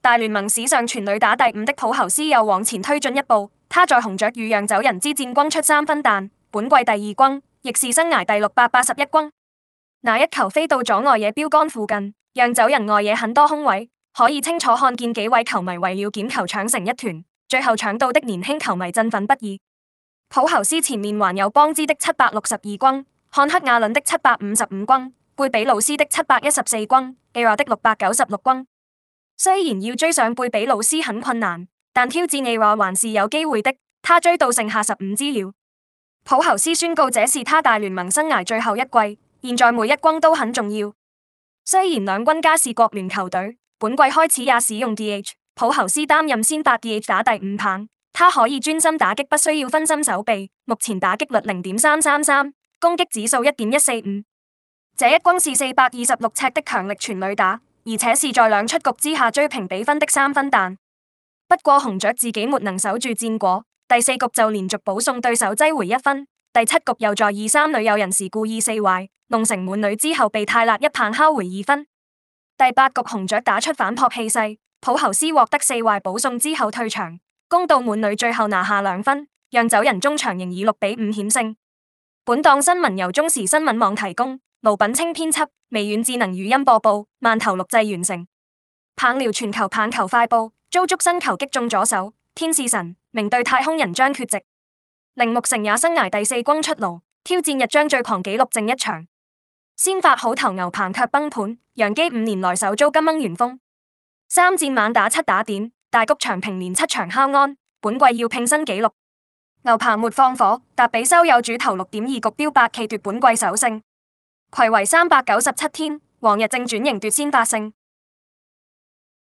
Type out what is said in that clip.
大聯盟史上全壘打第五的普侯斯又往前推進一步，他在紅雀與讓走人之戰轟出三分彈，彈本季第二轟，亦是生涯第六百八十一轟。那一球飛到左外野標竿附近，讓走人外野很多空位，可以清楚看見幾位球迷為了撿球搶成一團，最後搶到的年輕球迷振奮不已。普侯斯前面還有邦茲的七百六十二轟，漢克亞倫的七百五十五轟，貝比魯斯的七百一十四轟，A-Rod 的六百九十六轟。雖然要追上貝比魯斯很困難，但挑戰你話還是有機會的。他追到剩下十五支了。普侯斯宣告這是他大聯盟生涯最後一季，現在每一轟都很重要。雖然兩軍皆是國聯球隊，本季開始也使用 DH，普侯斯擔任先發 DH 打第五棒，他可以專心打擊，不需要分心守備。目前打擊率零點三三三，攻擊指數一點一四五。這一轟是四百二十六尺的強力全壘打。而且是在兩出局之下追平比分的三分彈，不過紅雀自己沒能守住戰果，第四局就連續保送對手擠回一分，第七局又在二三壘有人時故意四壞，弄成滿壘之後被泰勒一棒敲回二分，第八局紅雀打出反撲氣勢，普侯斯獲得四壞保送之後退場，攻到滿壘最後拿下兩分，釀酒人終場仍以六比五險勝。本檔新聞由中時新聞網提供。盧品清編輯，微軟智能語音播報，慢頭錄製完成。棒聊全球棒球快報：遭觸身球擊中左手，天使神明對太空人將缺席，鈴木誠也生涯第四轟出爐，挑戰日將最狂紀錄剩一場。先發好投牛棚卻崩盤，洋基五年來首遭金鶯完封。三戰猛打七打點，大谷翔平連七場敲安，本季要拼新紀錄。牛棚沒放火，達比修有主投六點二局飆八，企奪本季首勝。暌違三百九十七天，黃日正轉型奪先發勝。